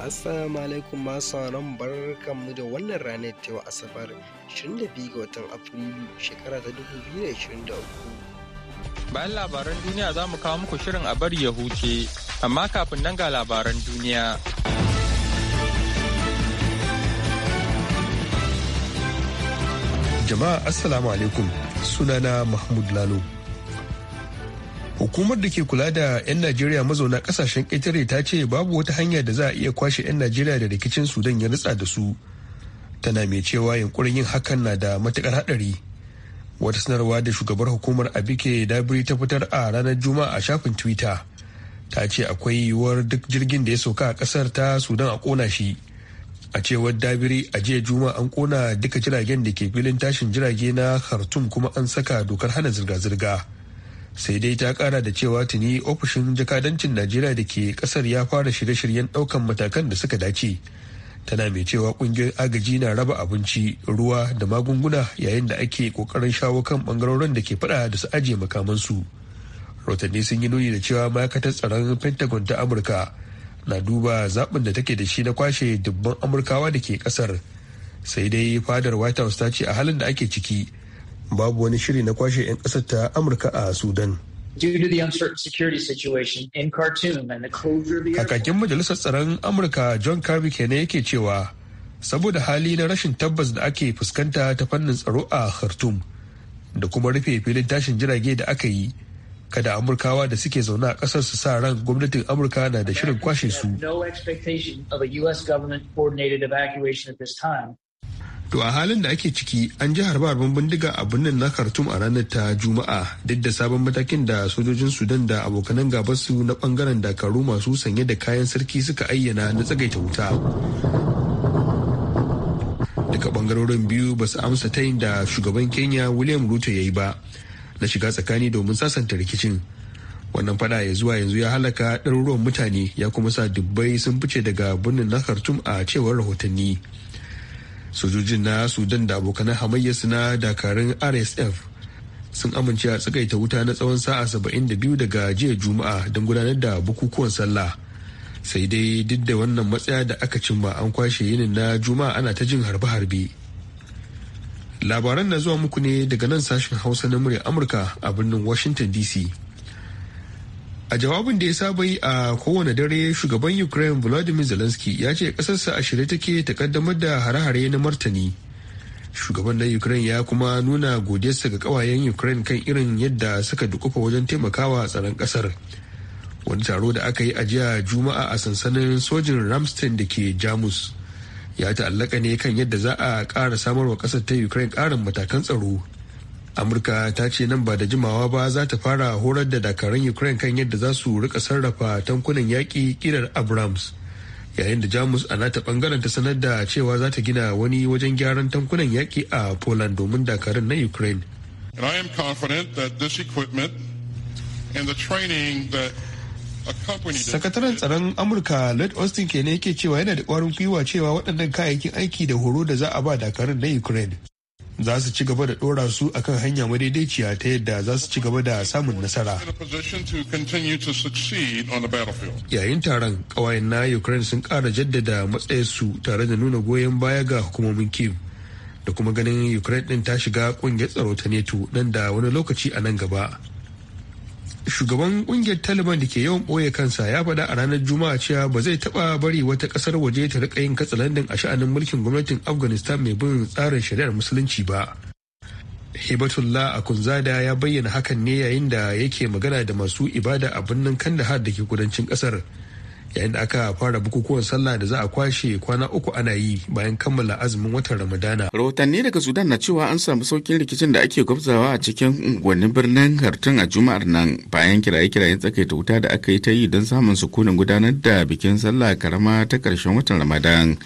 Assalamu alaikum masu sauran mu da wannan ranar ta yau Asabar 22 ga watan Afrilu shekara ta 2023. Bayan labaran duniya za mu kawo muku shirin a bari ya huce, amma kafin nan ga labaran duniya. Jama'a Assalamu alaikum sunana Mahmud Lalo. hukumar da ke kula da 'yan najeriya mazauna kasashen ƙetare ta ce babu wata hanya da za a iya kwashe 'yan najeriya da rikicin sudan ya nutsa da su tana mai cewa yunkurin yin hakan na da matukar hadari. wata sanarwa da shugabar hukumar abike dabiri ta fitar a ranar juma'a a shafin twitter ta ce akwai yiwuwar duk jirgin da ya sauka a ƙasar ta sudan a kona shi a cewar dabiri a jiya juma'a an kona duka jiragen da ke filin tashin jirage na khartoum kuma an saka dokar hana zirga-zirga sai dai ta kara da cewa tuni ofishin jakadancin najeriya da ke kasar ya fara shirye-shiryen daukan matakan da suka dace tana mai cewa kungiyoyin agaji na raba abinci ruwa da magunguna yayin da ake kokarin shawo kan bangarorin da ke fada da su ajiye makamansu rotanni sun yi nuni da cewa ma'aikatar tsaron pentagon ta amurka na duba zaɓin da take da shi na kwashe dubban amurkawa da ke ƙasar sai dai fadar white house ta ce a halin da ake ciki babu wani shiri na kwashe 'yan ƙasar ta amurka a sudan kakakin majalisar tsaron amurka john kirby kenan yake cewa saboda hali na rashin tabbas da ake fuskanta ta fannin tsaro a khartoum da kuma rufe filin tashin jirage da aka yi kada amurkawa da suke zaune a ƙasar su sa ran gwamnatin amurka na da shirin kwashe su To a halin da ake ciki an ji harba bindiga a birnin na Khartoum a ranar ta Juma'a duk da sabon matakin da sojojin Sudan da abokanan su na bangaren dakaru masu sanye da kayan sarki suka ayyana na tsagaita wuta. Duka bangarorin biyu ba su amsa ta yin da shugaban Kenya William Ruto ya yi ba na shiga tsakani domin sasanta rikicin. Wannan fada ya zuwa yanzu ya halaka ɗaruruwan mutane ya kuma sa dubbai sun fice daga birnin na Khartoum a cewar rahotanni. sojojin na sudan da abokan hamayyarsu na dakarun rsf sun amince a tsagaita wuta na tsawon sa'a biyu daga jiya juma'a don gudanar da bukukuwan sallah sai dai duk da wannan matsaya da aka cimma an kwashe yinin na juma'a ana ta jin harbe-harbe labaran na zuwa muku ne daga nan sashen hausa na murya amurka a birnin washington dc a jawabin da ya saba yi a kowane dare shugaban ukraine volodymyr zelensky ya ce kasarsa a shirye take ta kaddamar da hare-hare na martani shugaban na ukraine ya kuma nuna godiyarsa ga kawayen ukraine kan irin yadda suka dukufa wajen taimakawa tsaron kasar wani taro da aka yi a jiya juma'a a sansanin sojin ramstein da ke jamus ya ta'allaka ne kan yadda za a ƙara samarwa ƙasar ta ukraine ƙarin matakan tsaro amurka ta ce nan ba da jimawa ba za ta fara horar da dakarun ukraine kan yadda za su rika sarrafa tankunan yaƙi kirar abrams yayin da jamus a nata bangaren ta sanar da cewa za ta gina wani wajen gyaran tankunan yaƙi a poland domin dakarun na ukraine Sakataren tsaron Amurka Lloyd Austin ke ne yake cewa yana da kwarin gwiwa cewa waɗannan kayayyakin aiki da horo da za a ba dakarun na Ukraine za su ci gaba da dora su akan hanya madaidaiciya ta yadda za su ci gaba da samun nasara. Yayin taron ƙawayen na Ukraine sun kara jaddada matsayarsu tare da nuna goyon baya ga hukumomin kyiv da kuma ganin Ukraine ɗin ta shiga ƙungiyar tsaro ta NATO nan da wani lokaci a nan gaba. shugaban kungiyar taliban da ke yawan ɓoye kansa ya faɗa a ranar juma'a cewa ba zai taɓa bari wata ƙasar waje ta riƙa yin katsalandin a sha'anin mulkin gwamnatin afghanistan mai bin tsarin shari'ar musulunci ba hibatullah akunzada ya bayyana hakan ne yayin da yake magana da masu ibada a birnin kandahar da ke kudancin ƙasar yayin da aka fara bukukuwan sallah da za a kwashe kwana uku ana yi bayan kammala azumin watan ramadana rahotanni daga sudan na cewa an samu saukin rikicin da ake gwabzawa a cikin unguwannin birnin hartun a juma'ar nan bayan kiraye-kirayen tsakaita wuta da aka yi ta yi don samun sukunin gudanar da bikin sallah karama ta karshen watan ramadan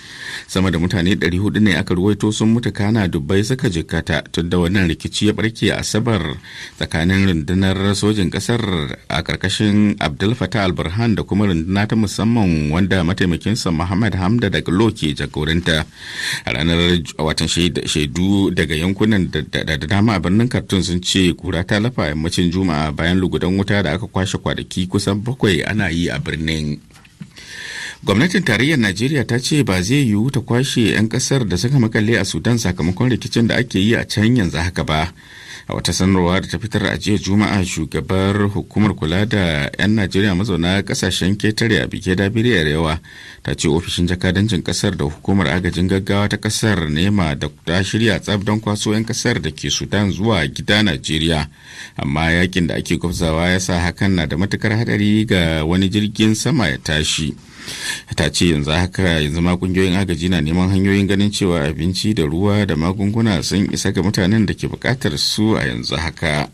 sama da mutane 400 ne aka ruwaito sun mutu kana dubbai suka jikkata tun da wannan rikici ya barke a asabar tsakanin rundunar sojin kasar a karkashin abdul fatah al da kuma rundunar ta musamman wanda mataimakinsa Muhammad Hamda daga Loki jagoranta a ranar watan shaidu daga yankunan da dama a birnin Khartoum sun ce kura ta lafa yammacin Juma'a bayan lugudan wuta da aka kwashe kwanaki kusan bakwai ana yi a birnin. gwamnatin tarayyar najeriya ta ce ba zai yiwu ta kwashe 'yan kasar da suka makalle a sudan sakamakon rikicin da ake yi a can yanzu haka ba a wata sanarwa da ta fitar a jiya juma'a shugabar hukumar kula da 'yan najeriya mazauna kasashen ketare a bike dabiri arewa ta ce ofishin jakadancin kasar da hukumar agajin gaggawa ta kasar nema da ta shirya tsab don kwaso 'yan kasar da ke sudan zuwa gida najeriya amma yakin da ake gwabzawa ya sa hakan na da matukar hadari ga wani jirgin sama ya tashi ta ce yanzu haka yanzu ma kungiyoyin agaji na neman hanyoyin ganin cewa abinci da ruwa da magunguna sun isa ga mutanen da ke bukatar su a yanzu haka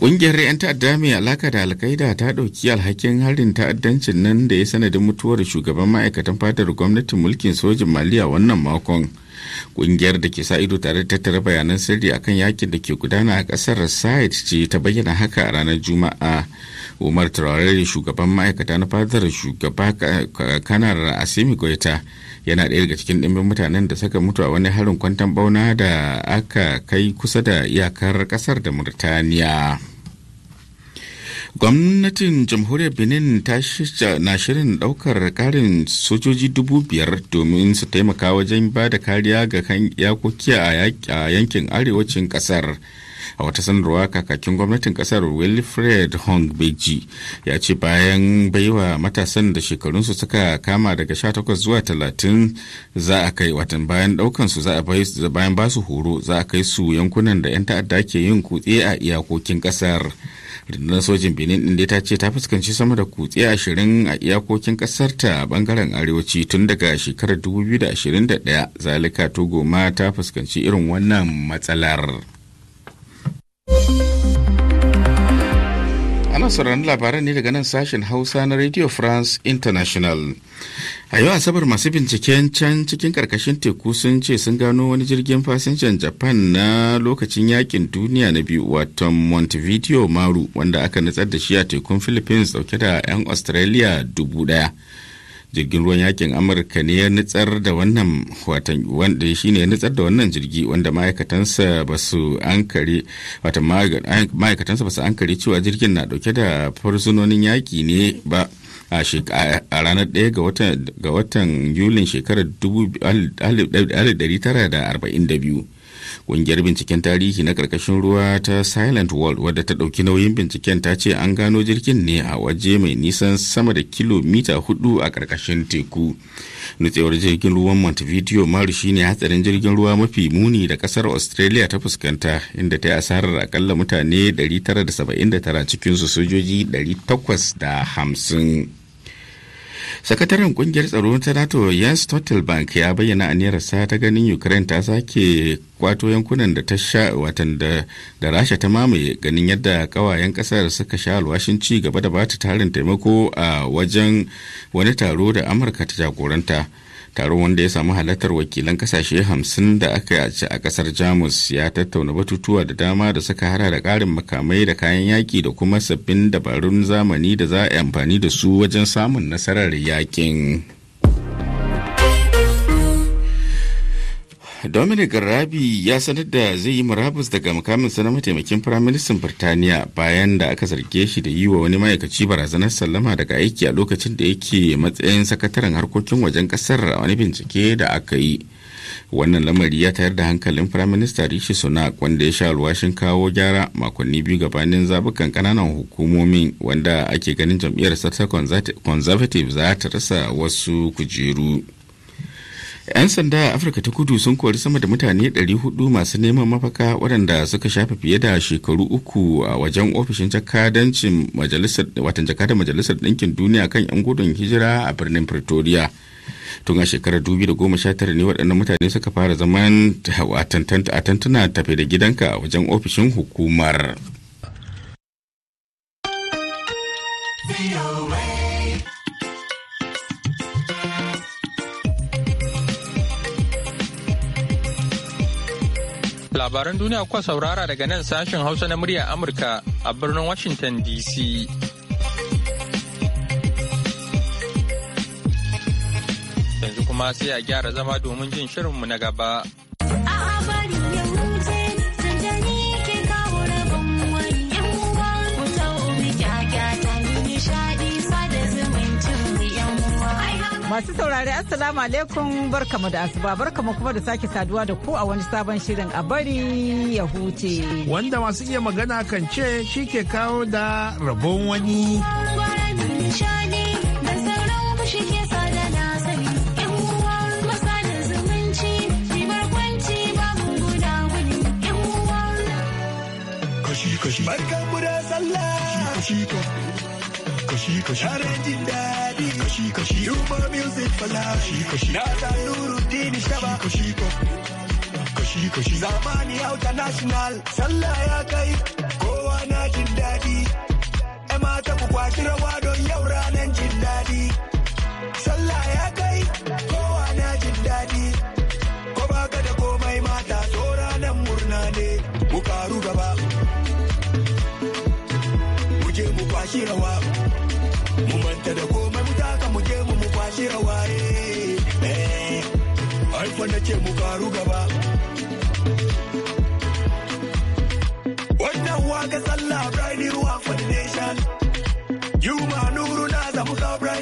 Ƙungiyar 'yan ta'adda mai alaka da alkaida ta ɗauki alhakin harin ta'addancin nan da ya sanadin mutuwar shugaban ma'aikatan fadar gwamnatin mulkin sojin maliya wannan makon. Ƙungiyar da ke sa ido tare da tattara bayanan sirri akan yakin da ke gudana a ƙasar Said ce ta bayyana haka a ranar Juma'a. umar traore shugaban ma'aikata na fadar shugaba kanar asimi goita yana ɗaya daga cikin ɗimbin mutanen da suka mutu a wani harin kwantan bauna da aka kai kusa da iyakar ƙasar da murtaniya gwamnatin jamhuriyar benin ta na shirin ɗaukar karin sojoji dubu biyar domin su taimaka wajen ba da kariya ga yakoki a yankin arewacin kasar a wata sanarwa kakakin gwamnatin kasar wilfred hongbeji ya ce bayan baiwa matasan da shekarunsu suka kama daga 18 zuwa 30 za a kai watan bayan daukansu za a bayan ba su horo za a kai su yankunan da 'yan ta'adda ke yin kutse a iyakokin kasar rundunar sojin benin din ta ce ta fuskanci sama da kutse ashirin a iyakokin kasar ta bangaren arewaci tun daga shekarar 2021 zalika togo ma ta fuskanci irin wannan matsalar. ana sauraron labaran ne daga nan sashen hausa na radio france international a yau asabar masu binciken can cikin karkashin teku sun ce sun gano wani jirgin fasinjan japan na lokacin yakin duniya na biyu wato montevideo maru wanda aka nutsar da shi a tekun philippines dauke da 'yan australia dubu daya jirgin ruwan yakin amurka ne ya nutsar da wannan watan wanda ne ya nutsar da wannan jirgi wanda ma'aikatansa ba su ankare wata ma'aikatansa ba su ankare cewa jirgin na dauke da fursunonin yaki ne ba a ranar 1 ga watan yulin shekarar 1942 Ƙungiyar binciken tarihi na ƙarƙashin ruwa ta Silent World wadda ta ɗauki nauyin binciken ta ce an gano jirgin ne a waje mai nisan sama da kilomita hudu a ƙarƙashin teku. Nutsewar jirgin ruwan Montevideo Maru shine hatsarin jirgin ruwa mafi muni da ƙasar Australia ta fuskanta inda ta yi asarar akalla mutane 979 cikinsu sojoji 850. sakataren kungiyar tsaro ta nato jens Bank ya bayyana sa ta ganin ukraine ta sake kwato yankunan da ta sha watan da rasha ta mamaye ganin yadda kawayen kasar suka sha alwashin gaba da bata tarin taimako a wajen wani taro da amurka ta jagoranta taro wanda ya samu halartar wakilan kasashe hamsin da aka ci a kasar jamus ya tattauna batutuwa da dama da suka hada da karin makamai da kayan yaki da kuma sabbin dabarun zamani da za a yi amfani da su wajen samun nasarar yakin dominic rabi ya sanar da zai yi murabus daga mukaminsa na mataimakin firaministan birtaniya bayan da aka zarge shi da yi wa wani ma'aikaci barazanar sallama daga aiki a lokacin da yake matsayin sakataren harkokin wajen kasar a wani bincike da aka yi wannan lamari ya tayar da hankalin firaminista rishi sunak wanda ya sha alwashin kawo gyara makonni biyu gabanin zabukan kananan hukumomin wanda ake ganin jam'iyyar conservative za ta rasa wasu kujeru 'yan sanda a afirka ta kudu sun kori sama da mutane 400 masu neman mafaka waɗanda suka shafe fiye da shekaru uku a wajen ofishin jakadancin majalisar watan jakada majalisar ɗinkin duniya kan 'yan gudun hijira a birnin pretoria tun a shekarar 2019 ne waɗannan mutane suka fara zaman a tantuna tafe da gidanka a wajen ofishin hukumar. labaran duniya kuka saurara daga nan sashen Hausa na murya Amurka a birnin Washington DC. Yanzu kuma sai a gyara zama domin jin shirinmu na gaba. Masu saurari Assalamu alaikum barkamu da asuba barkamu kuma da sake saduwa da ku a wani sabon shirin a bari ya huce. Wanda masu iya magana kan ce shi ke kawo da rabon wani. Barkan da sallah. Kashi kashi. Kashi kashi. Kashi kashi. kashi kashi Rumor music for kashi kashi Na da Nuruddin Shaba kashi kashi kashi Zamani auta national Sallah ya kai kowa na jin daɗi E mata ku kwashi rawa don yau ranar jin daɗi Sallah ya kai kowa na jin daɗi Ko baka da komai mata Sora ranar murna ne Mu karu gaba Mu je mu kwashi rawa mu manta da komai duniya waye eh alfa nake mu gaba wannan waka sallah brand new foundation you ma nuru na zamu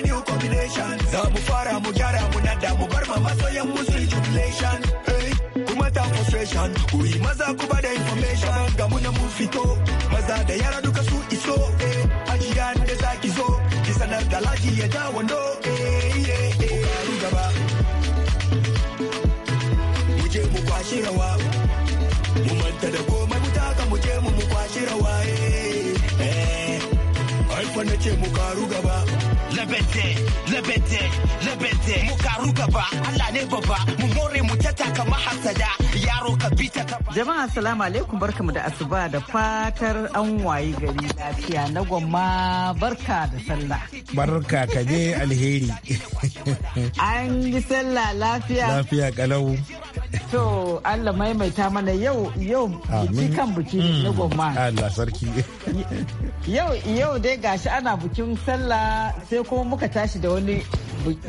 new combination za mu fara mu gyara mu nada mu bar ma masoyan musu jubilation eh kuma ta frustration ku yi maza ku bada information ga mu na mu fito maza da yara duka su iso eh ajiya da zaki zo sanar da laki ya ja wando gaba mu je mu kwashi rawa mu manta da komai mu taka mu je mu mu kwashi rawa eh fa nake mu karu gaba labete labete labete mu karu gaba Allah ne baba mu more mu tata kamar hasada yaro ka bita ka jama'a assalamu alaikum barkamu da asuba da fatar an wayi gari lafiya na gwamma barka da sallah barka ka je alheri an yi sallah lafiya lafiya kalau To Allah maimaita mana yau yau biki kan biki na hmm. gomma. Allah sarki. Yau yau dai gashi ana bikin sallah sai kuma muka tashi da wani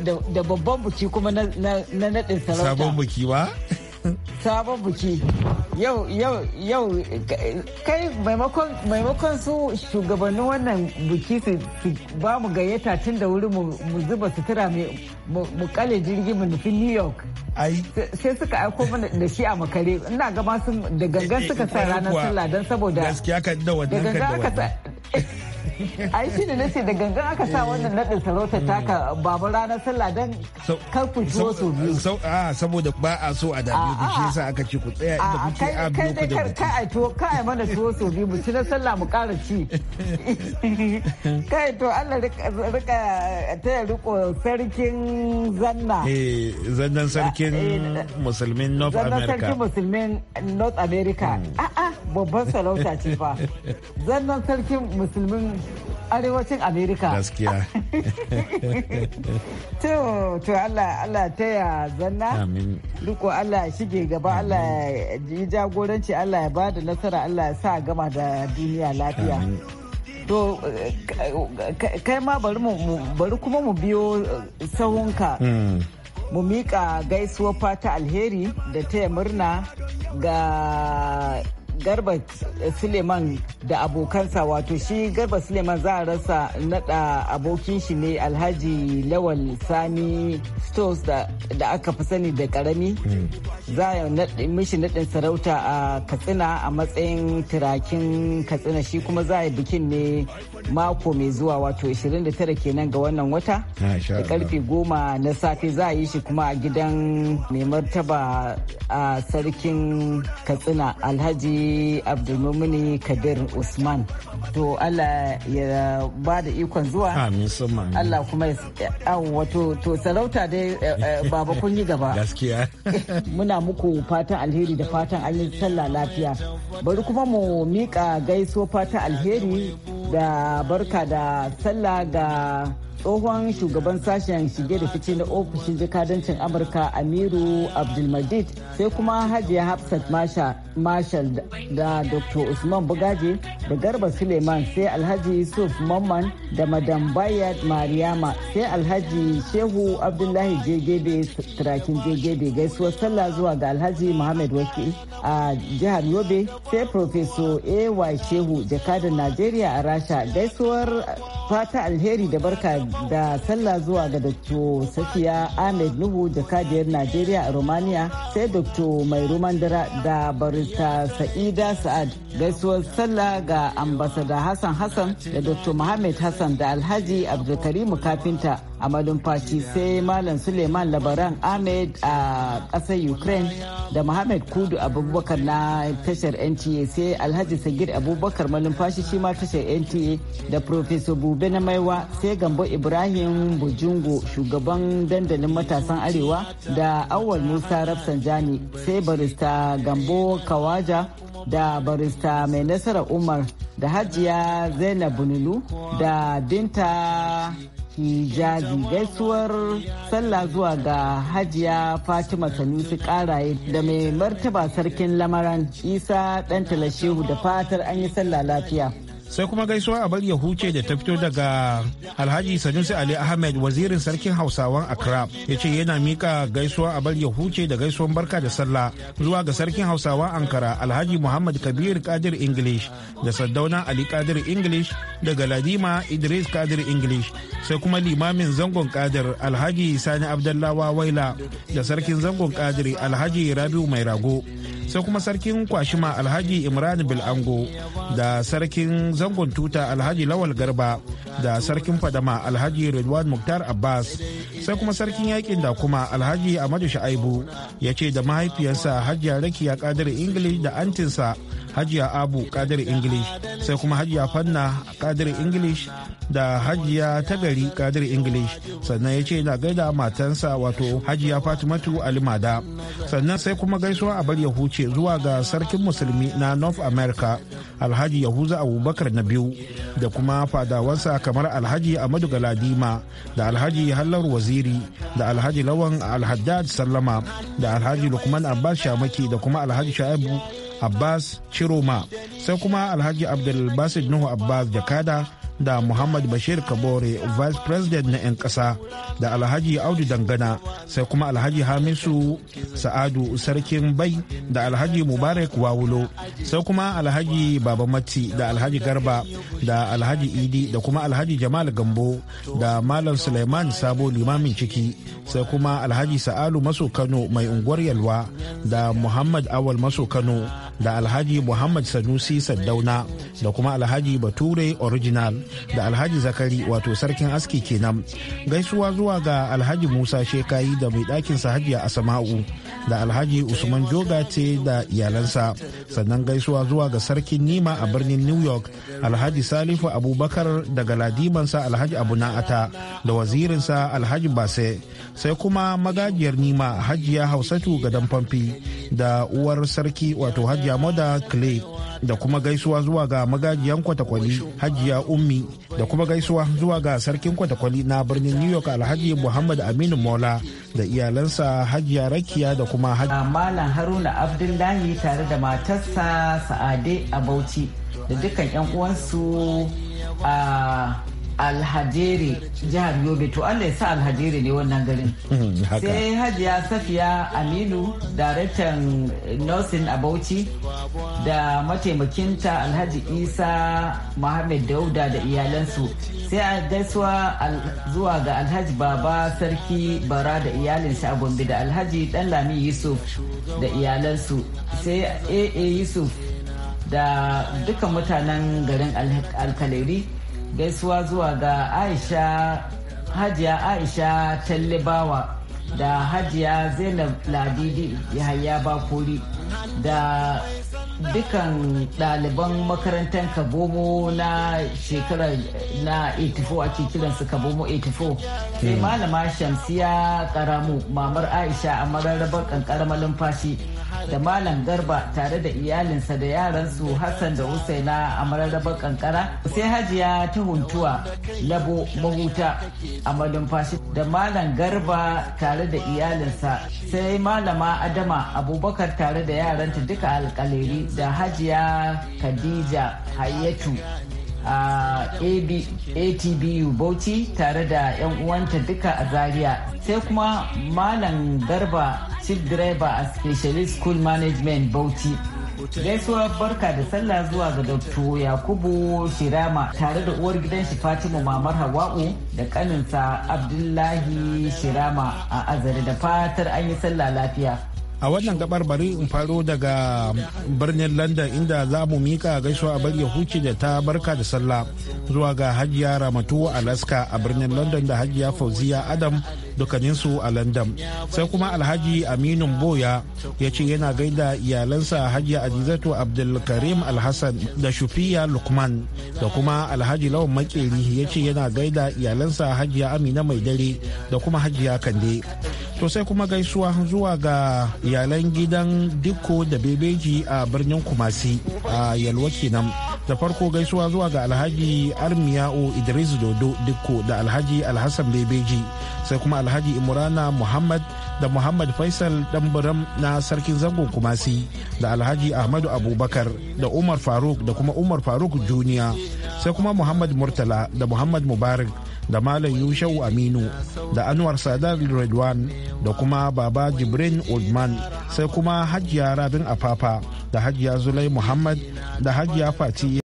da babban biki kuma na naɗin sarauta. Sabon biki ba? Sabon biki. yau yau yau kai maimakon maimakon su shugabannin wannan buki su ba mu gayyata tun da wuri mu zuba sutura mu kale jirgi mu nufi new york sai suka aiko mana da shi a makare ina gama sun da gangan suka sa ranar sallah don saboda gaskiya ka da wannan ka da wannan ai shi ne na ce da gangan aka sa wannan naɗin sarauta hmm. taka babu ranar sallah don kar ku ciwo biyu a ah, saboda ba a so a dame ku shi yasa aka ce ku tsaya inda ce a biyu ku da kai ai to kai mana tuwo so biyu mu ci na sallah mu kara ci kai to Allah rika taya riko sarkin zanna eh zannan sarkin eh, eh, musulmin North America zannan sarkin musulmin North America hmm. a'a babban sarauta ce fa zannan sarkin musulmin arewacin amerika gaskiya to to allah allah taya zanna riko allah shige gaba allah yi jagoranci allah ya ba da nasara allah ya sa gama da duniya lafiya to kai ma bari kuma mu biyo eh, sahunka hmm. mu miƙa gaisuwar fata alheri da taya murna ga garba suleiman da abokansa wato shi garba suleiman za a rasa nada abokin shi ne alhaji lawal sani stores da aka fi sani da karami za a mishi nadin sarauta a katsina a matsayin turakin katsina shi kuma za a bikin ne mako mai zuwa wato 29 kenan ga wannan wata da karfe goma na safe za a yi shi kuma a gidan mai martaba a sarkin katsina alhaji abdulmumini kabir usman to allah ya ba da ikon zuwa allah kuma ya wato to sarauta dai eh, eh, baba kun yi gaba gaskiya muna muku fatan alheri da fatan an yi sallah lafiya bari kuma mu miƙa gaiso fatan alheri da barka da sallah ga tsohon shugaban sashen shige da fice na ofishin jikadancin amurka amiru abdulmadid sai kuma hajiya hafsat masha marshal da dr usman bugaje da garba suleiman sai alhaji yusuf mamman da madam bayat mariama sai alhaji shehu abdullahi jegebe turakin jegebe gaisuwar sallah zuwa ga alhaji muhammad waki a jihar yobe sai professor ay shehu jakadan najeriya a rasha gaisuwar fata alheri da barka da sallah zuwa ga dr safiya ahmed nuhu jakadiyar najeriya a romania sai dr mai rumandara da baris barista Sa'ida Sa'ad gaisuwar sallah ga ambasada Hassan Hassan da Dr. Muhammad Hassan da Alhaji Abdulkarimu Kafinta a malumfashi sai malam suleiman labaran ahmed a kasar ukraine da mohamed kudu abubakar na tashar nta sai alhaji sagir abubakar fashi shi ma tashar nta da professor bube na maiwa sai gambo ibrahim bujungo shugaban dandalin matasan arewa da awal musa rafsanjani sai barista gambo kawaja da barista mai nasara umar da hajiya zainab bunulu da binta hijabi gaisuwar sallah zuwa ga hajiya fatima sanusi karaye da mai martaba sarkin lamaran isa dan talashehu da fatar an yi sallah lafiya sai kuma gaisuwa a ya huce da ta fito daga alhaji sanusi ali ahmed wazirin sarkin hausawan accra ya ce yana mika gaisuwa a ya huce da gaisuwan barka da sallah zuwa ga sarkin hausawan ankara alhaji muhammad kabir kadir english da sardauna ali kadir english daga ladima idris kadir english sai kuma limamin zangon kadir alhaji sani abdullawa waila da sarkin zangon kadir alhaji rabiu mai rago sai kuma sarkin kwashima alhaji imran bilango da sarkin zangon tuta alhaji lawal garba da sarkin fadama alhaji redwan muktar abbas sai kuma sarkin yakin da kuma alhaji amadu sha'aibu ya ce da mahaifiyarsa hajjiyar rakiya kadar ingilish da antinsa hajiya abu kadir english sai kuma hajiya fanna kadir english da hajiya tagari kadir english sannan ya ce yana gaida matansa wato hajiya fatimatu alimada sannan sai kuma gaisuwa a bar ya huce zuwa ga sarkin musulmi na north america alhaji yahuza abubakar na biyu da kuma fadawansa kamar alhaji amadu galadima da alhaji hallar waziri da alhaji lawan alhaddad sallama da alhaji lukman abbas shamaki da kuma alhaji sha'ibu abbas chiroma sai kuma alhaji abdulbasid nuhu abbas jakada da muhammad bashir kabore vice president na 'yan ƙasa da alhaji audu dangana sai kuma alhaji hamisu sa'adu sarkin bai da alhaji mubarak wawulo sai kuma alhaji baba mati da alhaji garba da alhaji idi da kuma alhaji jamal gambo da malam suleiman sabo limamin ciki sai kuma alhaji sa'alu maso kano mai unguwar yalwa da muhammad awal maso kano da alhaji muhammad sanusi saddauna da kuma alhaji bature original da alhaji zakari wato sarkin aski kenan gaisuwa zuwa ga alhaji musa shekayi da mai ɗakin sa hajiya asama'u da alhaji usman jogate da iyalansa sannan gaisuwa zuwa ga sarkin nima a birnin new york alhaji salifu abubakar daga ladimansa alhaji abu na'ata da wazirinsa alhaji base sai kuma magajiyar nima hajiya hausatu gadon famfi da uwar sarki wato hajiya moda clay da kuma gaisuwa zuwa ga magajiyan kwatakwali hajiya ummi da kuma gaisuwa zuwa ga sarkin kwatakwali na birnin new york alhaji muhammad aminu mola da iyalansa hajiya rakiya da kuma hajiya malam haruna abdullahi tare da matarsa sa'ade a bauchi da dukkan yan uwansu a alhajere jihar yobe to allah ya sa alhajere ne wannan garin hmm, sai hajiya safiya aminu daraktan eh, nursing a bauchi da mataimakinta alhaji isa muhammad dauda da iyalansu sai a gaisuwa zuwa ga alhaji baba sarki bara da iyalinsa a gombe da alhaji lami yusuf da iyalansu sai aa yusuf da dukkan mutanen garin alkaleri gaisuwa zuwa ga aisha hajiya aisha tallibawa da hajiya zainab ladidi yahaya bakuri da dukan ɗaliban makarantar kabomo na shekarar na 84 ake kiransu kabomo 84 sai hmm. malama shamsiya karamu mamar aisha a mararrabar kankarar malumfashi da Malam Garba tare da iyalinsa da yaransu Hassan da Husaina a mararraba kankara sai Hajiya ta huntuwa labo mahuta a malumfashi da Malam Garba tare da iyalinsa sai Malama Adama Abubakar tare da yaranta duka alkaleri da Hajiya Khadija Hayatu a atbu bauchi tare da 'yan uwanta duka a zaria sai kuma malam garba chief driver a specialist school management bauchi gaisuwa barka da sallah zuwa ga dr yakubu shirama tare da uwar gidan shi fatima mamar hawa'u da kaninsa abdullahi shirama a azare da fatar an yi sallah lafiya a wannan gabar bari in faro daga birnin london inda za mu mika gaisuwa a bari huci da ta barka da sallah zuwa ga hajiya ramatu alaska a birnin london da hajiya fauziya adam dukkaninsu a london sai kuma alhaji aminu boya ya ce yana gaida iyalansa hajiya azizatu abdulkarim alhassan da shufiya lukman da kuma alhaji lawan makeri ya ce yana gaida iyalansa hajiya amina mai dare da kuma hajiya kande To sai kuma gaisuwa zuwa ga iyalan gidan Dikko da Bebeji a birnin Kumasi a Yalwa kenan. Da farko gaisuwa zuwa ga Alhaji Armiyao Idris Dodo Dikko da Alhaji Alhassan Bebeji sai kuma Alhaji Imrana Muhammad da Muhammad Faisal Dambaram na Sarkin Zangon Kumasi da Alhaji Ahmadu Abubakar da Umar Faruk da kuma Umar Faruk Juniya sai kuma Muhammad Murtala da Muhammad Mubarak da Malam Yushau Aminu da Anwar Sadar Redwan da kuma Baba Jibrin Oldman sai kuma Hajiya Rabin Afafa da Hajiya Zulai Muhammad da Hajiya Fati